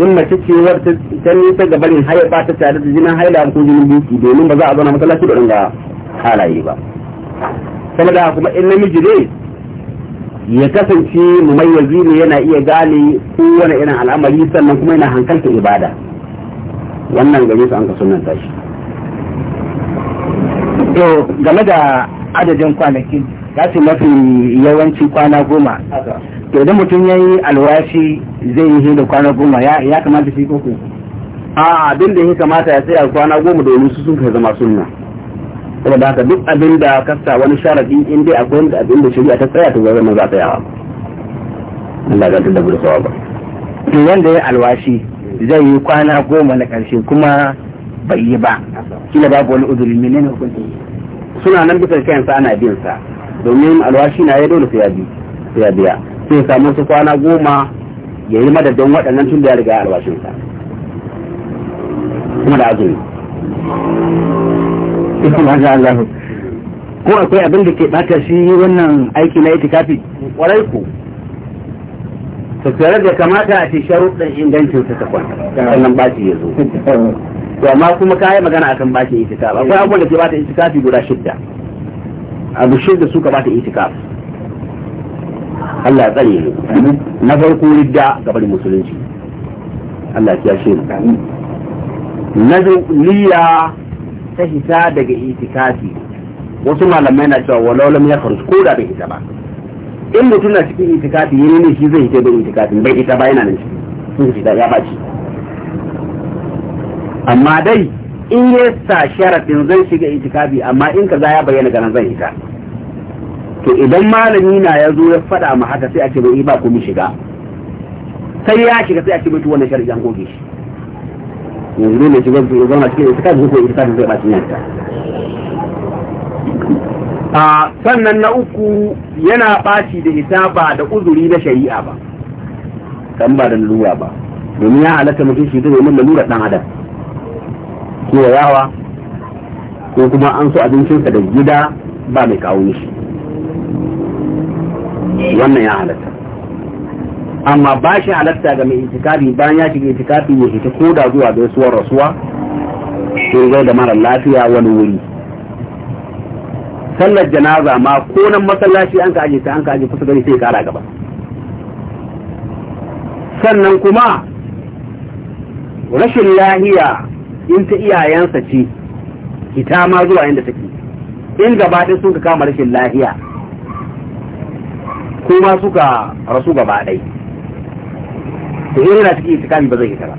A: in mace ce wata ta nisa ga barin haya ba ta tare da jinin haila ko jinin biki domin ba za a zauna masallaci da ga halaye ba saboda kuma in namiji ne ya kasance mai ne yana iya gane kowane irin al'amari sannan kuma yana hankalta ibada wannan gare su an ka sunanta shi to game da adadin kwanakin ya ce mafi yawanci kwana goma to idan mutum ya yi alwashi zai yi da kwana goma ya kamata shi koko a abin da ya kamata ya tsaya kwana goma domin su sun kai zama sunna saboda haka duk abin da kasta wani sharadi in dai akwai wanda abin da shari'a ta tsaya ta zama za ta yawa Allah ga da sawa ba to wanda ya alwashi zai yi kwana goma na karshe kuma bai yi ba kila babu wani uzuri menene hukunci suna nan bisa sa ana bin sa domin alwashi na ya dole sai ya biya sai samu su kwana goma ya yi madadin waɗannan tun da ya riga alwashinsa kuma da azumi ko akwai abin da ke bata shi wannan aiki na itikafi kwarai ku tattare da kamata a ce sharuɗin ingancin ta kwanta. sannan ba ya zo to amma kuma ka yi magana akan ba bashin itikaf akwai abubuwan da ke ba ta itikafi guda shidda abu shidda suka ba ta itikaf Allah ya tsare ni na farko ridda ga bari musulunci Allah ya shi na niyya ta hita daga itikafi wasu malamai na cewa walau lam ya faru ko da bai hita ba in mutum na cikin itikafi yayin ne shi zai hita bai itikafi bai hita ba yana nan ciki sun hita ya baci amma dai in ya sa sharafin zai shiga itikafi amma in ka ya bayyana ganin zai ita to idan malami na ya zo ya faɗa ma haka sai a ce bai ba komi shiga sai ya shiga sai a ce mutu wannan sharaɗi goge shi yanzu ne mai shiga zai zauna cikin itikafi ko itikafi zai ɓaci yanka a sannan na uku yana baci da ita ba da uzuri na shari'a ba kan ba da lura ba domin ya halatta mutum shi zai yi mun lura ɗan adam kewayawa ko kuma an so abincinsa da gida ba mai kawo shi wannan ya halatta amma ba shi halatta ga mai itikafi bayan ya shiga itikafi ya fita ko da zuwa gaisuwar rasuwa sun zai da mara lafiya wani wuri sallar janaza ma ko nan masallaci an ka aje ta an ka aje kusa gari sai kara gaba sannan kuma rashin lahiya in ta iyayensa ce ita ma zuwa inda take in gabaɗin sun ka kama rashin lahiya kuma suka rasu ɗai Ta yi yana cikin kami ba zai yi ba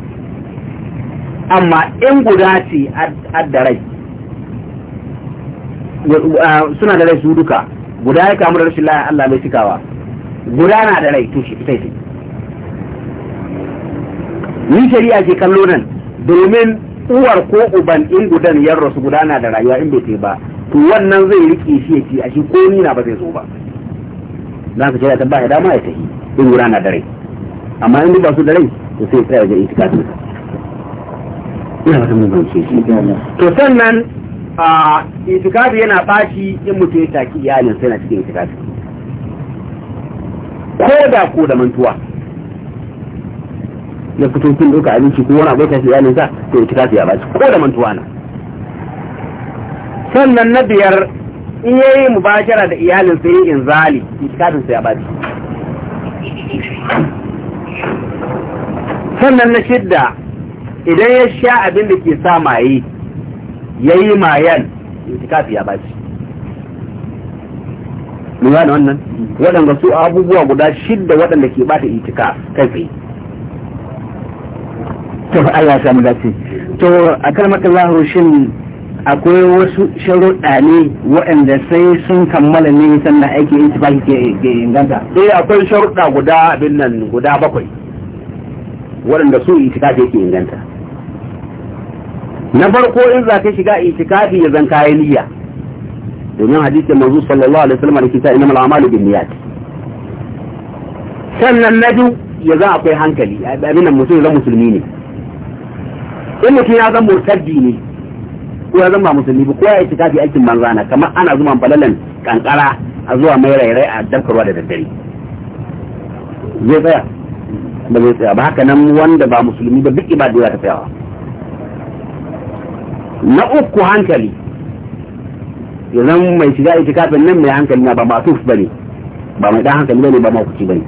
A: amma in guda ce addarai suna da rai su duka guda ya kamar rashin lahiya Allah mai cikawa guda na da rai tushe ita ce ni shari'a ke kallo nan domin uwar ko uban in gudan yar rasu gudana da rayuwa in bai ba to wannan zai rike shi ya ci a shi ko nina ba zai zo ba za ka ce da ba ya dama ya tafi in gudana da rai amma in ba su da rai to sai tsaya ga ka. ina wata mun bance shi to sannan a itikafi yana bashi in mutum ya taki iyalin sai na cikin itikafi ko da ko da mantuwa ya fito kin ɗauka abinci ko wani abokan shi iyalinsa to itikafi ya baci ko da mantuwa na sannan na biyar in ya yi mubashara da iyalinsa yin inzali itikafinsa ya baci sannan na shidda idan ya sha abin da ke sa maye ya yi mayan su ya baci mun gane wannan waɗanda su abubuwa guda shidda waɗanda ke bata itika kai tsaye to Allah samu dace to a kalmar Allah shin akwai wasu sharuɗa ne waɗanda sai sun kammala ne sannan aiki in ba ke inganta eh akwai sharuɗa guda abin nan guda bakwai waɗanda su itikafi yake inganta na farko in za ka shiga itikafi ya zan kayan niyya domin hadisi manzo sallallahu alaihi wasallam da kita inna al'amalu bin niyyat sannan na biyu ya za akwai hankali abin nan mutum ya zan musulmi ne in mutum ya zama murtaddi ne ko ya zama musulmi ba ko ya yi tafi aikin manzana kamar ana zuma balalan kankara a zuwa mai rairai a dabkarwa da daddare zai tsaya ba zai tsaya ba haka nan wanda ba musulmi ba duk ibadu za ta tsayawa na uku hankali ya zama mai shiga itikafin nan mai hankali na ba matuf ba ne ba mai dan hankali ba ne ba makuci ba ne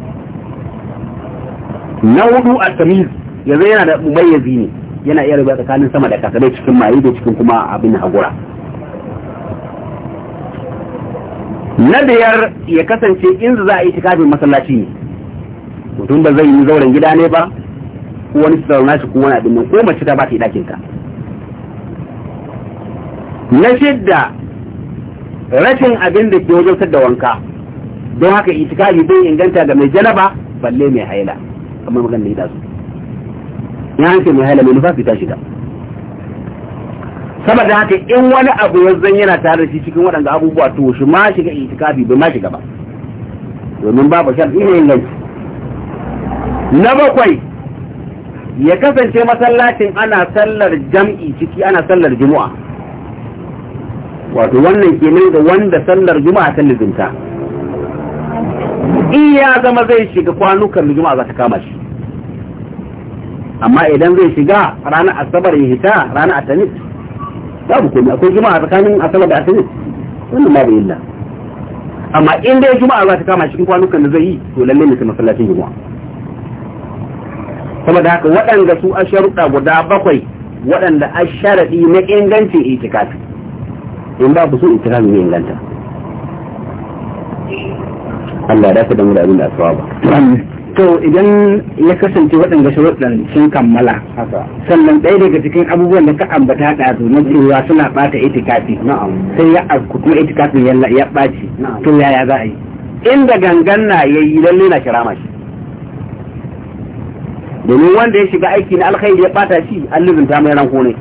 A: na hudu a tamiz ya zai yana da mumayyazi ne yana iya rubuta tsakanin sama da kasa dai cikin maye da cikin kuma abin hagura na biyar ya kasance in za a yi tikafin masallaci ne mutum ba zai yi zauren gida ne ba ko wani su shi ko wani abin ko mace ta ba ta yi ɗakin na shidda rashin abin da ke wajen da wanka don haka itikafi bai inganta ga mai janaba balle mai haila kamar magana da ya su ya hanke mai hala mai nufafi ta shiga saboda haka in wani abu ya zan yana tare da shi cikin waɗanda abubuwa to shi ma shiga itikafi bai ma shiga ba domin babu shan ina inganci. na bakwai ya kasance masallacin ana sallar jam'i ciki ana sallar juma'a wato wannan kenan ga wanda sallar juma'a ta lizinta in ya zama zai shiga kwanukan juma'a za ta kama shi amma idan zai shiga ranar asabar ya hita ranar ba babu komai akwai juma'a tsakanin asabar da atanis wannan babu illa amma in dai juma'a za ta kama cikin kwanukan da zai yi to lalle ne sai masallacin juma'a saboda haka waɗanda su a sharuɗa guda bakwai waɗanda a sharaɗi na ingancin itikafi in babu su itikafi ne inganta Allah ya dace da mu da abin da asuwa ba. to idan ya kasance waɗanda sharuɗan sun kammala sannan ɗaya daga cikin abubuwan da ka ambata su na cewa suna ɓata itikafi sai ya aiki kuma itikafin ya ɓaci to yaya za a yi inda gangan na ya yi lalle na kira shi domin wanda ya shiga aiki na alkhairi ya ɓata shi an ta mai ranko ne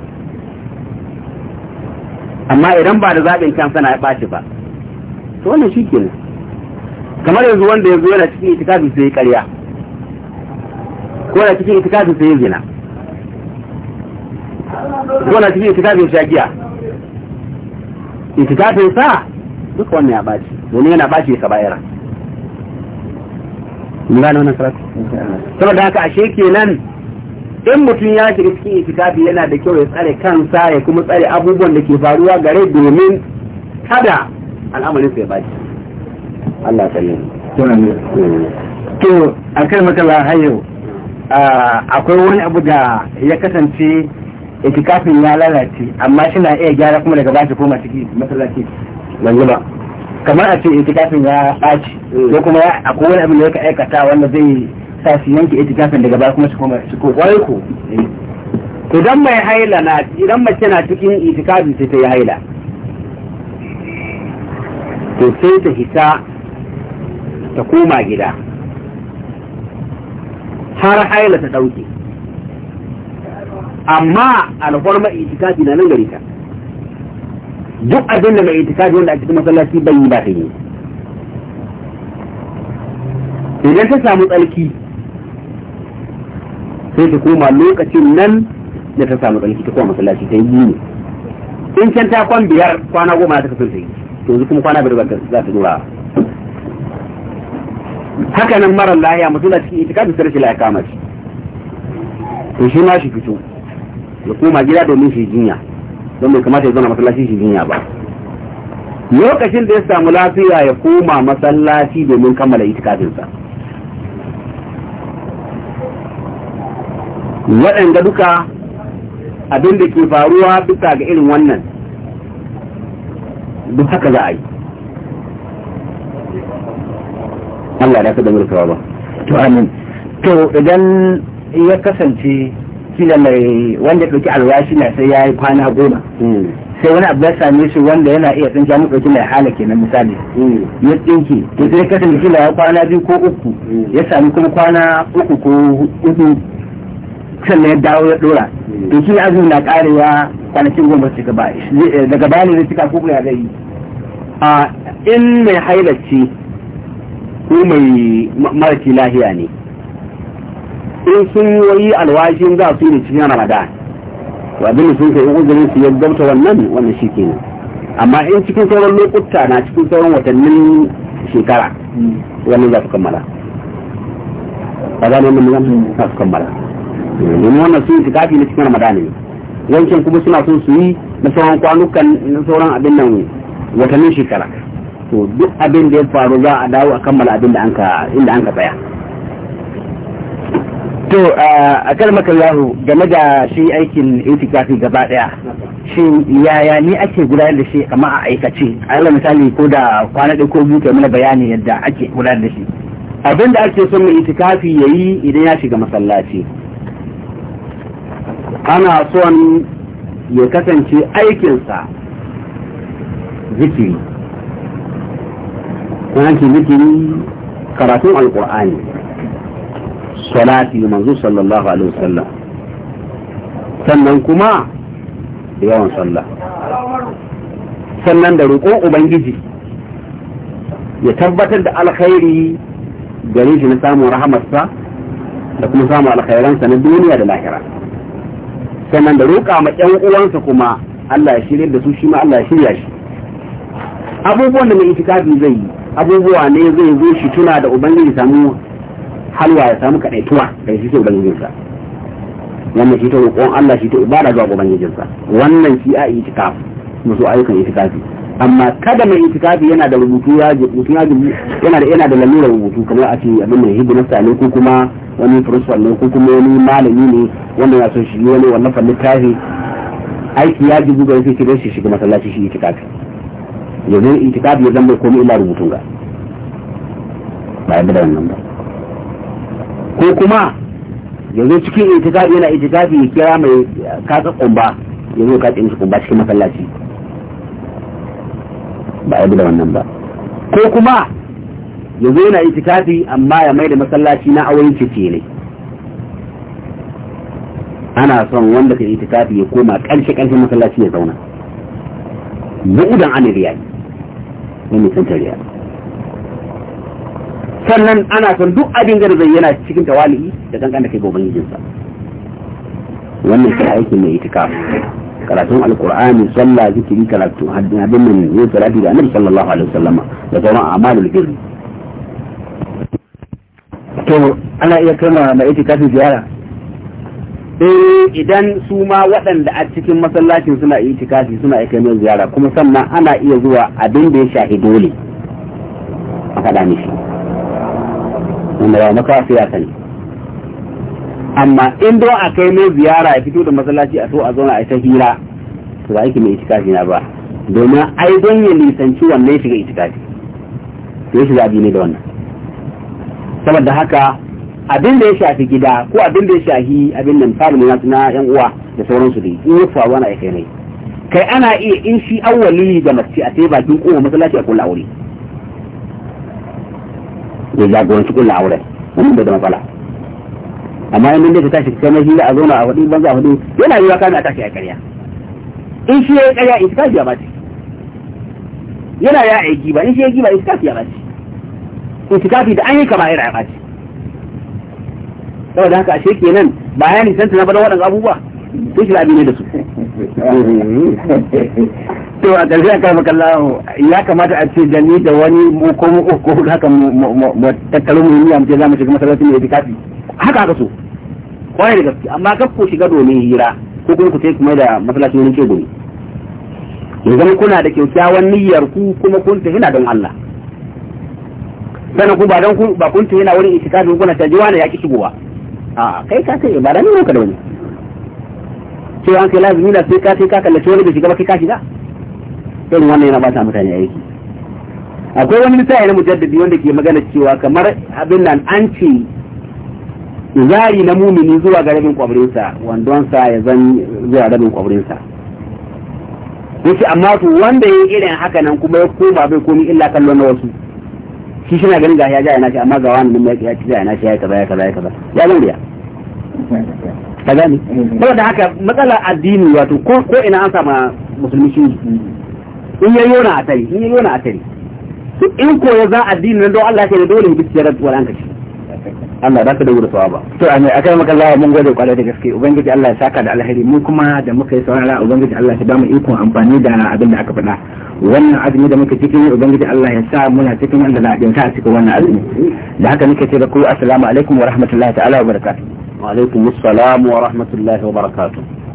A: amma idan ba da zaɓin kansa na ya ɓaci ba to wannan shi kenan kamar yanzu wanda ya zo yana cikin itikafi sai ya karya ko na cikin itikafin sai zina ko na cikin itikafin shagiya itikafin sa duk wannan ya baci domin yana baci saba yara mun gane wannan karatu saboda haka ashe kenan in mutum ya shiga cikin itikafi yana da kyau ya tsare kansa ya kuma tsare abubuwan da ke faruwa gare domin kada al'amarin sai baci Allah ta yi to akai makala har yau Ah, akwai wani abu da ya kasance itikafin ya lalace amma shi na iya gyara kuma daga bashi koma ciki masallaci wani ba kamar a ce itikafin ya ɓaci mm. ko kuma akwai wani abu da ya ka aikata wanda zai sa su yanke itikafin daga baya kuma su koma su ko wai eh. ko idan mai haila na idan mace na cikin itikafin sai ta yi haila to sai ta hita ta koma gida har haila ta ɗauke amma alfarma itikafi na nan garita duk abin da mai itikafi wanda a cikin masallaci bai yi ba ta yi idan ta samu tsarki sai ta koma lokacin nan da ta samu tsarki ta koma masallaci ta yi ne in can ta kwan biyar kwana goma ta kasance to yanzu kuma kwana biyar za ta dora haka nan marar lahiya mutum da cikin itikafi sai rashin lahiya kama shi to shi ma shi fito ya koma gida domin shi jinya don bai kamata ya zauna masallaci shi jinya ba lokacin da ya samu lafiya ya koma masallaci domin kammala itikafinsa waɗanda duka abin da ke faruwa duka ga irin wannan duk haka za a yi Allah ya kada mulkawa ba to amin to idan ya kasance kila mai wanda ya dauki alwashi na sai ya yi kwana goma hmm. sai wani abu ya same shi wanda yana iya tsinka mu dauki mai hala kenan misali hmm. ya tsinki to sai kasance kila ya kwana biyu ko uku hmm. ya sami kuma kwana uku ko uku sannan ya dawo ya dora to shi azumi na ƙarewa kwanakin goma su gaba eh, daga bayan da suka kuma ya zai a ah, in mai haila ko mai maraki lahiya ne in sun yi alwashin za su yi cikin ramadan abin sun kai uzurin su ya gabta wannan wannan shi kenan amma in cikin sauran lokuta na cikin sauran watannin shekara wannan za su kammala ba za wannan za su kammala domin wannan sun yi kafi na cikin ramadan ne wancan kuma suna son su yi na sauran kwanukan na sauran abin nan watannin shekara to duk abin da ya faru za a dawo a kammala abin da anka inda anka tsaya to a kalmaka yahu game da shi aikin itikafi gaba daya shi yaya ni ake gudanar da shi kamar a aikace alal misali ko da kwana ko biyu mana bayani yadda ake gudanar da shi abin da ake son mai itikafi yi idan ya shiga masallaci ana son ya kasance aikinsa zikiri yanki zikiri karatun alkur'ani salati manzo sallallahu alaihi wasallam sannan kuma yawan sallah sannan da roƙon ubangiji ya tabbatar da alkhairi gare shi na samun rahamarsa da kuma samun alkhairansa na duniya da lahira sannan da roƙa ma ƴan uwansa kuma Allah ya shirya da su shi ma Allah ya shirya shi abubuwan da mai itikafi zai yi abubuwa ne zai zo shi tuna da ubangiji samu halwa ya samu tuwa da shi ke ubangijinsa wannan shi ta roƙon Allah shi ta ibada zuwa ubangijinsa wannan shi a itikaf musu ayyukan itikafi amma kada mai itikafi yana da rubutu ya rubutu ya yana da yana da lalura rubutu kamar a ce abin mai hidima ne ko kuma wani principal ne ko kuma wani malami ne wanda ya so shi wani wannan fannin tafi aiki ya jibu ga yake shi shiga masallaci shi itikafi yanzu itikadi ya zama komai illa rubutun ga ba yadda da wannan ba ko kuma yanzu cikin itikadi yana itikadi ya kira mai kasa kumba yanzu ka tsaye musu kumba cikin masallaci ba yadda da wannan ba ko kuma yanzu yana itikafi amma ya mai da masallaci na auren cike ne ana son wanda ka itikafi ya koma ƙarshe ƙarshen masallaci ya zauna bu'udan an riyayi na nisantar tariya sannan ana son duk abin da zai yana cikin tawali'i da kankan da kai ga ubangijinsa wannan shi aiki mai itika karatun Alƙur'ani salla zikiri karatu haddin abin nan yi salati da annabi sallallahu alaihi wasallama da sauran amalul birri to ana iya kama mai itikafi ziyara sai eh, idan su ma waɗanda a cikin masallacin suna yi tikafi suna aika mai ziyara kuma sannan ana iya zuwa abin da ya shahi dole a faɗa mishi wanda ba maka su ya amma in don a kai mai ziyara ya fito da masallaci a so a zauna a ta hira to ba aiki mai itikafi na ba domin ai don ya nisanci wanda ya shiga itikafi to ya shiga abi ne da wannan saboda haka abin da ya shafi gida ko abin da ya shafi abin nan falin na yan uwa da sauransu dai in ya faru ana kai ne kai ana iya in shi awwali da mace a sai bakin kowa masallaci a kula aure ya jagoranci kullu aure wannan bai da matsala amma in da ta tashi kai mai hira a zauna a wadi banza a wadi yana yiwa kana tashi a karya in shi ya yi karya in tashi ya bace yana ya aiki ba in shi ya yi ba in tashi ya bace in tashi da an yi kama a ya bace saboda haka ashe kenan bayani ya nisanta na bada waɗansu abubuwa sai shi labi ne da su to a ƙarshe a karfa kallahu ya kamata a ce da da wani mu ko mu ko haka mu tattaro mu yi amince za mu shiga masallaci mai itikafi haka haka so kwarai da gaske amma kaf ko shiga domin hira ko kuma ku sai kuma da masallacin wurin ke gobe ya zama kuna da kyakkyawan niyyar ku kuma kun ta hina don Allah sannan ku ba don ku ba kun ta hina wurin itikafi kuna ta jiwa ne ya ki shigowa a kai ka ce da ne ka da wani cewa an kai lazumi da sai ka sai ka kallace wani bai shiga ba kai ka shiga irin wannan yana ba ta mutane aiki akwai wani misali na mujaddadi wanda ke magana cewa kamar abin nan an ce zari na mumini zuwa ga rabin kwabrinsa wandonsa ya zan zuwa rabin kwabrinsa yace amma to wanda ya irin haka nan kuma ya koma bai komi illa kallon na wasu shi shi na ganin ga ya jaya yana shi amma ga wani mai ya ci ja yana shi ya kaza ya kaza ya kaza ya zan biya ka gani kuma da haka matsala addini wato ko ko ina an sama musulmi shi in ya yona a tari in ya yona a tari in ko ya za addini nan don Allah ya ce dole mu bi tsiyar wal an kashi Allah ba ka da wuri ba to a mai akai maka Allah mun gode kwalai da gaske ubangiji Allah ya saka da alheri mu kuma da muka yi saurara ubangiji Allah ya ba mu ikon amfani da abin da aka faɗa wannan azumi da muka cikin ubangiji Allah ya sa muna cikin wanda za a dinka a cikin wannan azumi da haka nake ce da ku assalamu alaikum wa rahmatullahi ta'ala wa barakatuh wa alaikum assalam wa rahmatullahi wa barakatuh